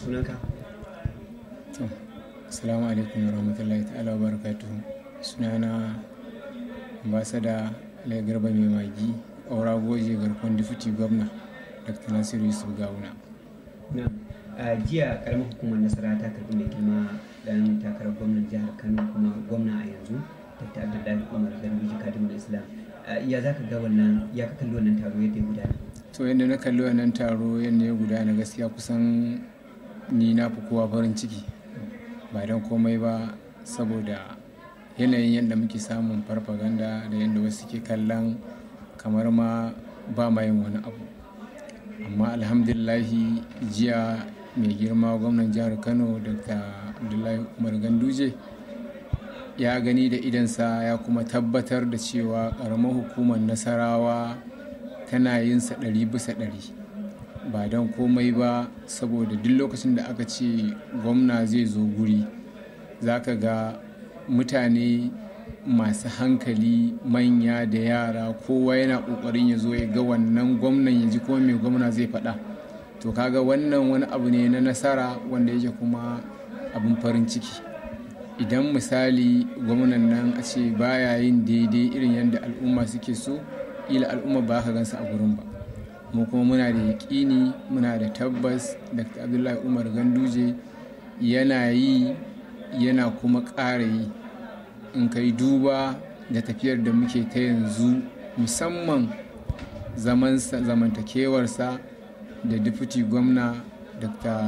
sunanka to assalamu alaikum warahmatullahi ta'ala na sunana da lai garba mai magi aura goje garkon difuti gwamna dr nasiru yusuf gawuna a jiya karamin hukumar nasara ta karbi mai girma dan takarar gwamnan jihar kano kuma gwamna a yanzu dr abdullahi umar garbiji kadimul islam ya za ka ga wannan ya ka kalli wannan taro yadda ya gudana to yadda na kalli wannan taro yadda ya gudana gaskiya kusan ni na fi kowa farin ciki ba don komai ba saboda yanayin yadda muke samun farfaganda da yadda wasu ke kallon kamar ma ba ma wani abu amma alhamdulillahi jiya mai girma gwamnan jihar kano dr abdullahi umar ganduje ya gani da idansa ya kuma tabbatar da cewa ƙaramar hukumar nasarawa tana yinsa ɗari bisa ɗari ba don komai ba saboda duk lokacin da aka ce gwamna zai zo guri za ka ga mutane masu hankali manya da yara kowa yana kokarin ya zo ya ga wannan gwamnan ya ji kuma mai gwamna zai faɗa to kaga wannan wani abu ne na nasara wanda yake kuma abin farin ciki idan misali gwamnan nan a ce baya yin daidai irin yadda al'umma suke so ila al'umma ba ka gansa a gurin ba mu kuma muna da yaƙini muna da tabbas da abdullahi umar ganduje yana yi yana kuma ƙara yi in kai duba da tafiyar da muke ta yanzu musamman zamantakewarsa da deputy gwamna dr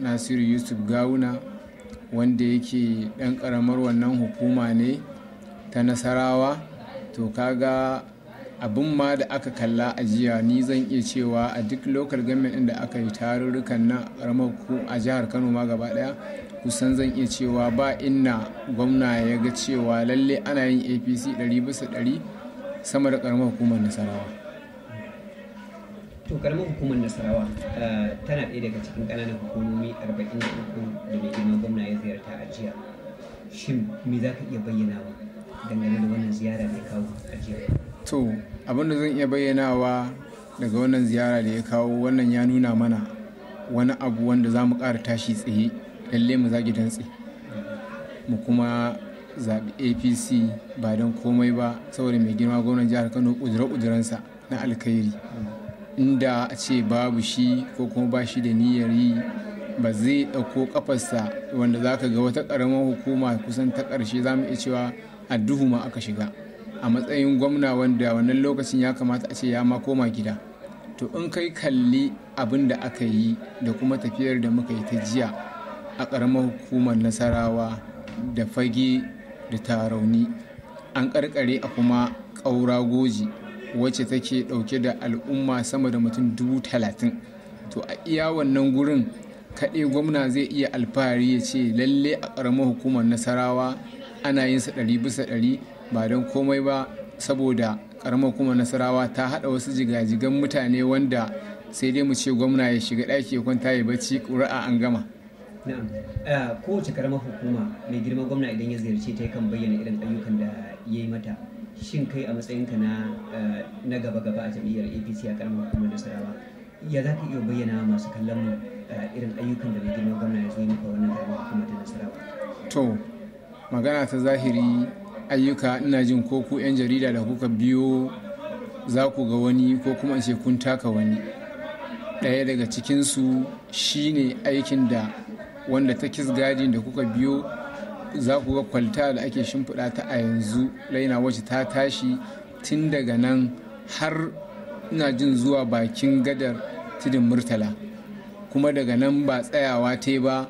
nasiru yusuf gawuna wanda yake ɗan ƙaramar wannan hukuma ne ta nasarawa to kaga abin ma da aka kalla a jiya ni zan iya cewa a duk local government inda aka yi tarurrukan na ramaku a jihar kano ma gaba daya kusan zan iya cewa ba inna gwamna ya ga cewa lalle ana yin apc 100 bisa 100 sama da karamar hukumar nasarawa to karamar hukumar nasarawa eh, tana ɗaya daga cikin ƙananan hukumomi 43 da mai girman gwamna ya ziyarta a jiya shin me za ka iya bayyana dangane da wannan ziyara mai kawo a jiya to abin da zan iya bayyanawa daga wannan ziyara da ya kawo wannan ya nuna mana wani abu wanda za mu ƙara tashi tsaye lalle mu zagi dantse mu kuma zaɓi apc ba don komai ba saboda mai girma gwamnan jihar kano ƙudure-ƙudurensa na alkhairi inda a ce babu shi ko kuma ba shi da niyyar yi ba zai ɗauko ƙafarsa wanda za ka ga wata ƙaramar hukuma kusan ta ƙarshe za mu iya cewa a duhu ma aka shiga a matsayin gwamna wanda wannan lokacin ya kamata a ce ya ma koma gida to in kai kalli abin da aka yi da kuma tafiyar da muka yi ta jiya a ƙaramar hukumar nasarawa da fage da tarauni an ƙarƙare a kuma ƙaura goji wacce take ɗauke da al'umma sama da mutum dubu talatin to a iya wannan gurin kaɗai gwamna zai iya alfahari ya ce lalle a ƙaramar hukumar nasarawa ana yin sa ɗari bisa ɗari ba don komai ba saboda karamar kuma nasarawa ta haɗa wasu jigajigan mutane wanda sai dai mu ce gwamna ya shiga ɗaki kwanta ya bacci ƙuri'a an gama eh, kowace karamar hukuma mai girma gwamna idan ya ziyarce ta kan bayyana irin ayyukan da ya yi mata shin kai a matsayinka na eh, gaba-gaba a jam'iyyar apc a karamar hukumar nasarawa ya za ka iya bayyana masu kallon mu eh, irin ayyukan da mai girman gwamna ya zo yi maka wannan karamar hukumar ta nasarawa to magana ta zahiri ayyuka ina jin ko ku 'yan jarida da kuka biyo za ku ga wani ko kuma ce kun taka wani ɗaya daga cikinsu shine aikin da wanda ta gadin da kuka biyo za ku ga kwalta da ake shimfiɗa ta a yanzu laina wacce ta tashi tun daga nan har ina jin zuwa bakin gadar tudun murtala kuma daga nan ba tsayawa ta ba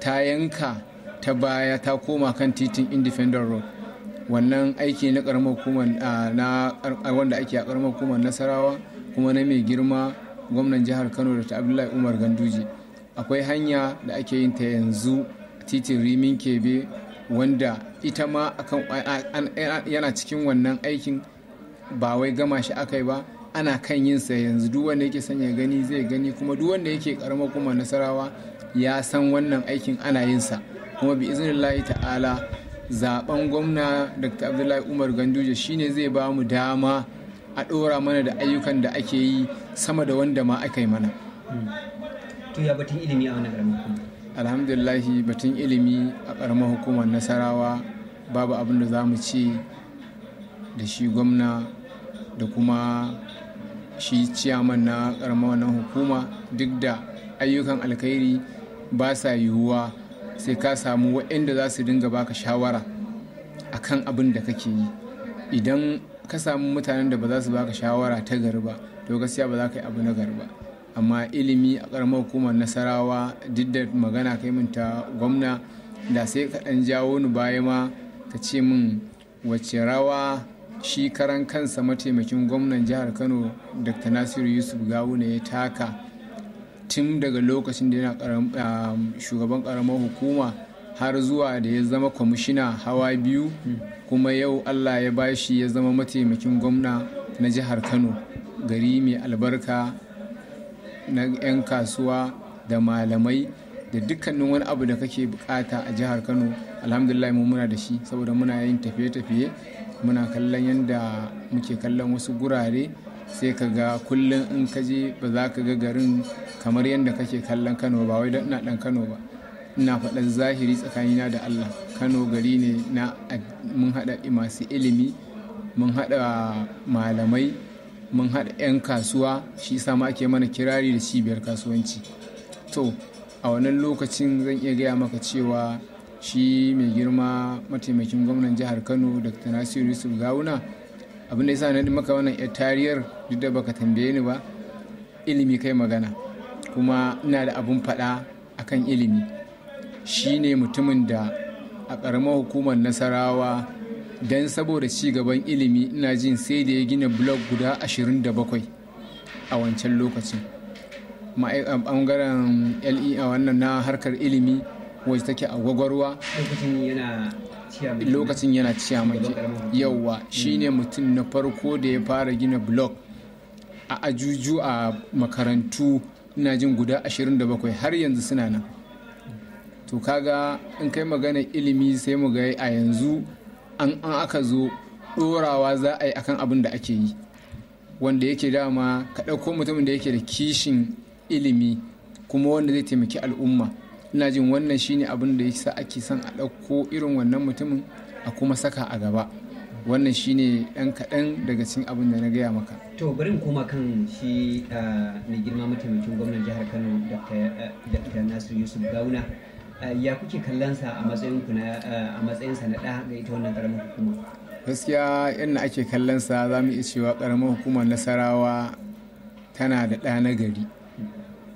ta yanka ta baya ta koma kan titin independent road wannan aiki na karamar hukumar na wanda ake a karamar hukumar nasarawa kuma na mai girma gwamnan jihar kano da ta abdullahi umar ganduje akwai hanya da ake yin ta yanzu titin rimin kebe wanda ita ma yana cikin wannan aikin ba wai gama shi aka yi ba ana kan yin sa yanzu duk wanda yake sanya gani zai gani kuma duk wanda yake karama kuma nasarawa ya san wannan aikin ana yin sa kuma bi iznillahi ta'ala zaben gwamna dr abdullahi umar ganduje shine zai ba mu dama a ɗora mana da ayyukan da ake yi sama da wanda ma aka yi mana to ya batun ilimi a wani ƙaramar hukuma alhamdulillahi batun ilimi a ƙaramar hukumar nasarawa babu abin da za mu ce da shi gwamna da kuma shi ciyaman na ƙaramar wannan hukuma duk da ayyukan alkhairi ba sa yiwuwa sai ka samu waɗanda za su dinga baka shawara akan abin da kake yi idan ka samu mutanen da ba za su baka shawara ta gari ba to gaskiya ba za ka yi abu na gari ba amma ilimi a ƙaramar hukumar nasarawa duk da magana kai mun ta gwamna da sai ka ɗan jawo ni baya ma ka ce min wace rawa shi karan kansa mataimakin gwamnan jihar kano dr nasiru yusuf gawuna ya taka tun daga lokacin da yana um, shugaban karamar hukuma har zuwa da ya zama kwamishina hawa biyu kuma yau allah ya bashi ya zama mataimakin gwamna na jihar kano gari mai albarka na 'yan kasuwa da malamai da dukkanin wani abu da kake bukata a jihar kano alhamdulillah mu muna da shi saboda muna yin tafiye-tafiye muna kallon yadda muke kallon wasu gurare sai ka ga kullum in ka je ba za ka ga garin kamar yadda kake kallon kano ba wai ina ɗan kano ba ina faɗar zahiri tsakanina da allah kano gari ne na mun haɗa masu ilimi mun haɗa malamai mun haɗa 'yan kasuwa shi sama ake mana kirari da cibiyar kasuwanci to a wannan lokacin zan iya gaya maka cewa shi mai girma mataimakin gwamnan jihar kano dr nasiru yusuf gawuna abin da yasa na maka wannan yar tariyar duk da baka tambaye ni ba ilimi kai magana kuma ina da abun faɗa akan ilimi shine mutumin da a karamar hukumar nasarawa don saboda ci gaban ilimi ina jin sai da ya gina blog guda 27 a wancan lokacin ɓangaren le a wannan na harkar ilimi wacce take a gwagwarwa lokacin yana ciyaman yauwa mm. shine mutum na farko da ya fara gina blog a ajuju a makarantu ina jin guda 27 har yanzu suna nan to kaga in kai magana ilimi sai mu ga a yanzu an an aka zo dorawa za a yi akan abin da ake yi wanda yake dama ka ɗauko mutumin da yake da kishin ilimi kuma wanda zai taimaki al'umma ina jin wannan shine abin da yasa ake son a ɗauko irin wannan mutumin a kuma saka a gaba wannan shine ɗan kaɗan daga cikin abin da na gaya maka to bari mu koma kan shi ah, mai girma mataimakin gwamnan jihar kano dr eh, nasiru yusuf gauna ah, ya kuke kallon sa a matsayin na ah, a matsayin sa na ɗa ga ita wannan karamar hukuma gaskiya yadda ake kallon sa za mu iya cewa karamar hukumar nasarawa tana da ɗa na gari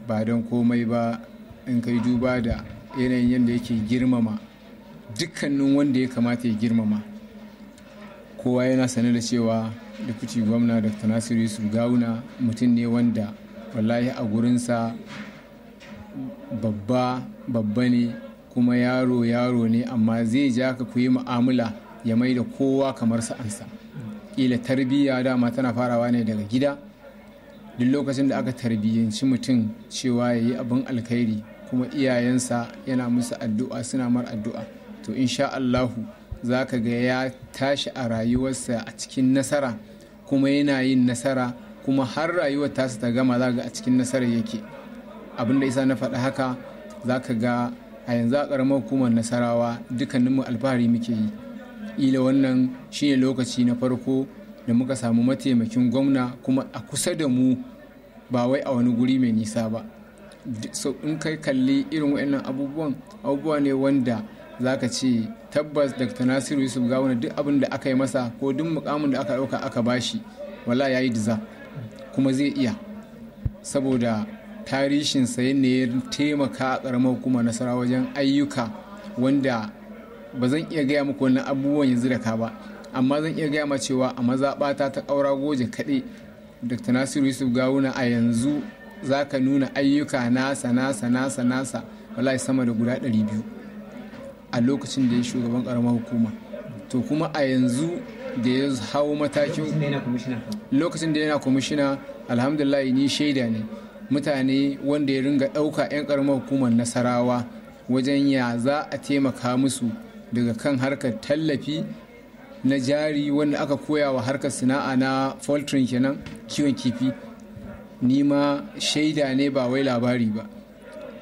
ba don komai ba in kai duba da yanayin yadda yake girmama dukkanin wanda ya kamata ya girmama kowa yana sane da cewa deputy gwamna dr nasiru su gawuna mutum ne wanda wallahi a gurinsa babba babba ne kuma yaro yaro ne amma zai ja ka ku yi ya mai da kowa kamar sa'ansa ƙila tarbiyya dama tana farawa ne daga gida duk lokacin da aka tarbiyyanci mutum cewa ya yi abin alkhairi kuma iyayensa yana musu addu'a suna mar addu'a to insha Allahu za ka ga ya tashi a rayuwarsa a cikin nasara kuma yana yin nasara kuma har rayuwar tasa ta gama za ga a cikin nasarar yake abin da isa na faɗa haka za ka ga a yanzu a ƙaramar hukumar nasarawa dukkaninmu alfahari muke yi ila wannan shine lokaci na farko da muka samu mataimakin gwamna kuma a kusa da mu ba wai a wani guri mai nisa ba in kai kalli irin wa'annan abubuwan abubuwa ne wanda zaka ce tabbas dr nasiru yusuf gawuna duk abin da aka yi masa ko duk mukamin da aka ɗauka aka bashi wala ya yi diza kuma zai iya saboda tarishin sayan ne ya taimaka a ƙaramar hukuma nasara wajen ayyuka wanda ba zan iya gaya muku wannan abubuwan yanzu da ka ba amma zan iya gaya ma cewa a mazaɓata ta ƙaura goje kaɗai dr nasiru yusuf gawuna a yanzu za ka nuna ayyuka nasa nasa nasa nasa wallahi sama da guda 200 a lokacin da ya shugaban karamar hukuma to kuma a yanzu da ya hau matakin lokacin da yana kwamishina alhamdulillah ni shaida ne mutane wanda ya ringa ɗauka 'yan karamar hukumar nasarawa wajen ya za a taimaka musu daga kan harkar tallafi na jari wanda aka koya wa harkar sana'a na poultry kenan kiwon kifi nima shaida ne ba wai labari ba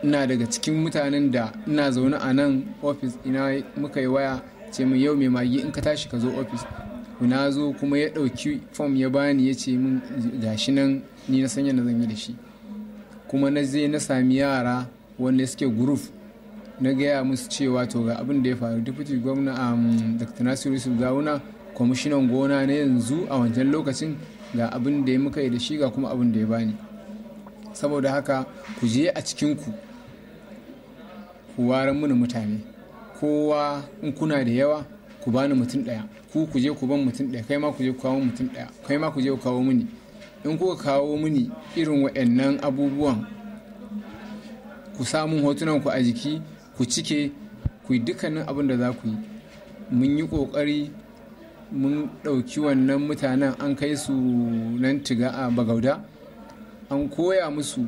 ina daga cikin mutanen da ina zaune a nan ofis ina muka yi waya ce min yau mai magi in ka tashi ka zo ofis na zo kuma ya ɗauki fom ya bani ya ce min gashi nan ni na sanya na zanyi da shi kuma na je na sami yara wanda suke guruf na gaya musu cewa to ga abin da ya faru deputy gwamna um, dr nasiru sulgawuna kwamishinan gona na yanzu a wancan lokacin ga abin da ya muka yi da shi ga kuma abin da ya bani saboda haka ku je a cikinku ku waran mini mutane kowa in kuna da yawa ku bani mutum ɗaya ku ku je ku ban mutum ɗaya kai ma ku je ku kawo mutum ɗaya kai ma ku je ku kawo mini in kuka kawo mini irin waɗannan abubuwan ku samun hotunan ku a jiki ku cike ku yi dukkanin abin da za ku yi mun yi ƙoƙari mun ɗauki wannan mutanen an kai su nan tiga a bagauda an koya musu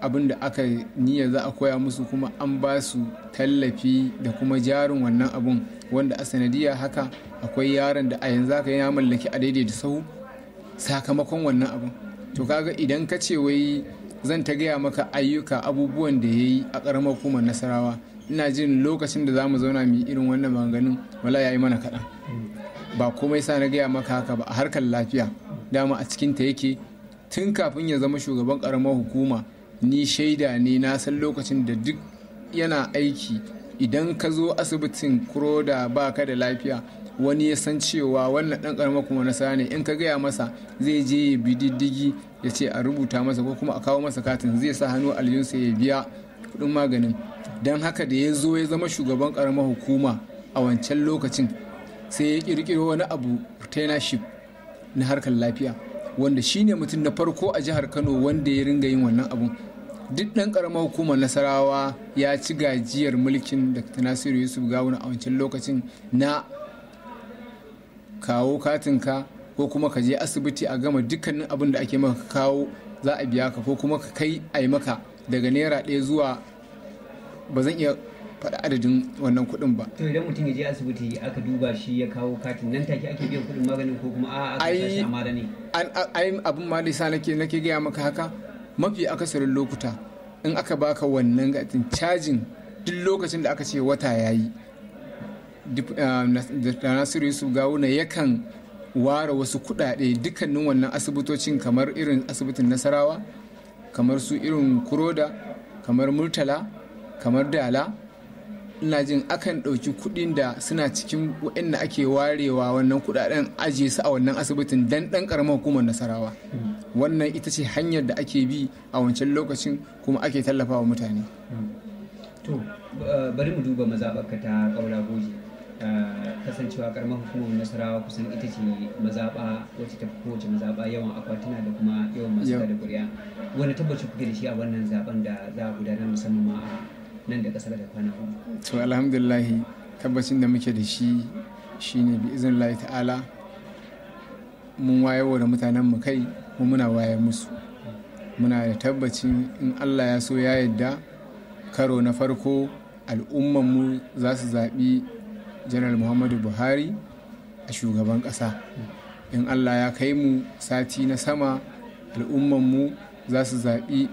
abin da aka niyya za a koya musu kuma an ba su tallafi da kuma jarin wannan abun wanda a sanadiyya haka akwai yaron da a yanzu yi na mallaki a daidai da sahu sakamakon wannan abun to kaga idan ka ce wai zan ta gaya maka ayyuka abubuwan da ya yi a ƙaramar hukumar nasarawa ina jin lokacin da za mu zauna mu yi irin wannan maganin? wala ya yi mana kaɗan ba komai sa na gaya maka haka ba a harkar lafiya dama a cikin ta yake tun kafin ya zama shugaban karamar hukuma ni shaida ne na san lokacin da duk yana aiki idan ka zo asibitin kuroda ba ka da lafiya wani ya san cewa wannan dan karamar kuma na ne in ka gaya masa zai je ya bi diddigi ya ce a rubuta masa ko kuma a kawo masa katin zai sa hannu aljinsa ya biya kudin maganin don haka da ya zo ya zama shugaban karamar hukuma a wancan lokacin sai ya kirkiro wani abu retainership na harkar lafiya wanda shine mutum na farko a jihar kano wanda ya ringa yin wannan abun duk ɗan karamar hukumar nasarawa ya ci gajiyar mulkin dr nasiru yusuf gawuna a wancan lokacin na kawo katinka ko kuma ka je asibiti a gama dukkanin abin da ake maka kawo za a biya ka ko kuma ka kai a maka daga naira ɗaya zuwa ba zan iya faɗa adadin wannan kuɗin ba to idan mutum ya je asibiti aka duba shi ya kawo katin nan take ake biyan kuɗin maganin ko kuma a'a aka tashi amara ne ai abin ma lisa nake nake gaya maka haka mafi akasarin lokuta in aka baka wannan gatin cajin duk lokacin da aka ce wata yayi ah, da nasiru yusuf gawuna yakan ware wasu kuɗaɗe dukkanin wannan asibitocin kamar irin asibitin nasarawa kamar su irin kuroda kamar murtala kamar dala ina jin akan ɗauki kuɗin da suna cikin waɗanda ake warewa wannan kuɗaɗen ajiye su a wannan asibitin dan ɗan ƙaramar hukumar nasarawa wannan ita ce hanyar da ake bi a wancan lokacin kuma ake tallafawa mutane to eh, bari mu duba mazaɓarka ta ƙaura goji eh, kasancewa ƙaramar hukumar nasarawa kusan ita ce mazaɓa wacce ta fi kowace mazaɓa yawan akwatuna da kuma yawan masu da ƙuri'a wani tabbaci kuke da shi a wannan zaben da za a gudanar musamman ma nan da kasar da kwana to alhamdulillah tabbacin da muke da shi shi ne bi izin lai ta'ala mun wayewa da mutanen mu kai mu muna waye musu muna da tabbacin in Allah ya so ya yadda karo na farko al'ummanmu mu za su zaɓi janar muhammadu buhari a shugaban ƙasa in Allah ya kai mu sati na sama al'umman mu za su zaɓi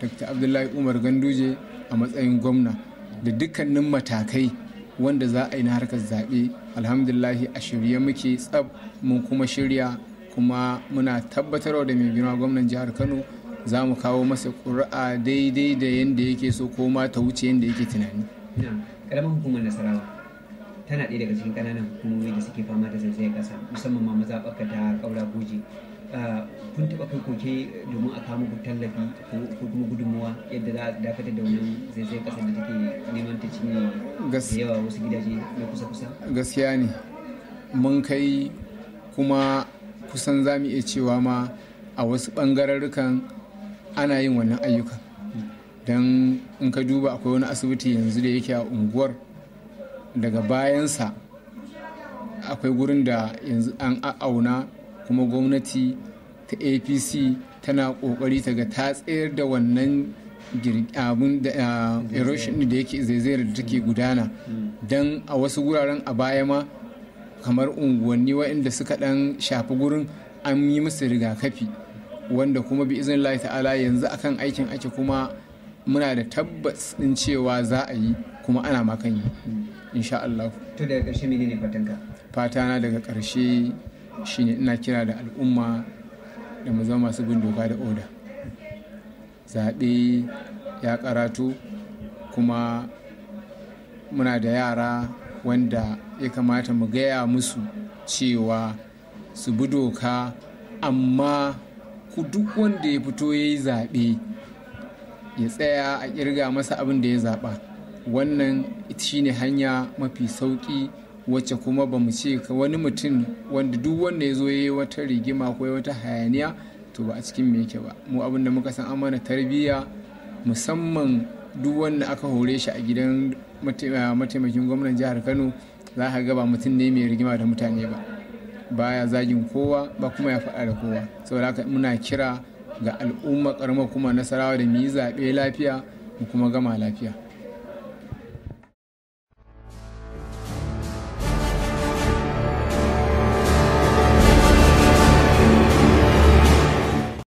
dr abdullahi umar ganduje a matsayin gwamna da dukkanin matakai wanda za a yi na harkar zaɓe alhamdulahi a shirya muke tsab mun kuma shirya kuma muna tabbatarwa da mai girma gwamnan jihar kano za mu kawo masa ƙuri'a daidai da yadda yake so ko ma ta wuce yadda yake tunani ƙaramin hukumar nasarawa tana ɗaya daga cikin ƙananan hukumomi da suke fama da zaizayar ƙasa musamman ma mazaɓaka da ƙaura goji Eh, kun taɓa kai koke domin a kama tallafi ko kuma gudunmuwa yadda za a dakatar da wannan zaizayar ƙasar da take neman ta cinye da yawa wasu gidaje na kusa-kusa gaskiya ne mun kai kuma kusan za mu iya cewa ma a wasu ɓangararrukan ana yin wannan ayyukan don in ka duba akwai wani asibiti yanzu da yake a unguwar daga bayansa akwai gurin da yanzu an auna kuma gwamnati ta apc tana kokari ta ga ta tsayar da wannan abun da ah, erosion da yake zaizayar da take gudana don a wasu wuraren a baya ma kamar unguwanni waɗanda suka ɗan shafi gurin an yi musu rigakafi wanda kuma bi izin Allah ta'ala yanzu akan aikin ake kuma muna da tabbas ɗin cewa za a yi kuma ana makan yi To daga ƙarshe ne fatanka? Fatana daga ƙarshe shine ina kira da al'umma da mu zama masu bin doka da oda zaɓe ya karatu kuma muna da yara wanda ya kamata mu gaya musu cewa su bi doka amma ku duk wanda ya fito ya yi zaɓe ya tsaya a ƙirga masa abin da ya zaɓa wannan shine hanya mafi sauƙi wacce kuma ba mu ce wani mutum wanda duk wanda ya zo ya yi wata rigima ko wata hayaniya to ba a cikin me yake ba mu abin da muka san amana mana tarbiyya musamman duk wanda aka hore shi a gidan mataimakin gwamnan jihar kano za ka ga ba mutum ne mai rigima da mutane ba baya zagin kowa ba kuma ya faɗa da kowa saboda haka muna kira ga al'umma karamar kuma nasarawa da mu yi zaɓe lafiya mu kuma gama lafiya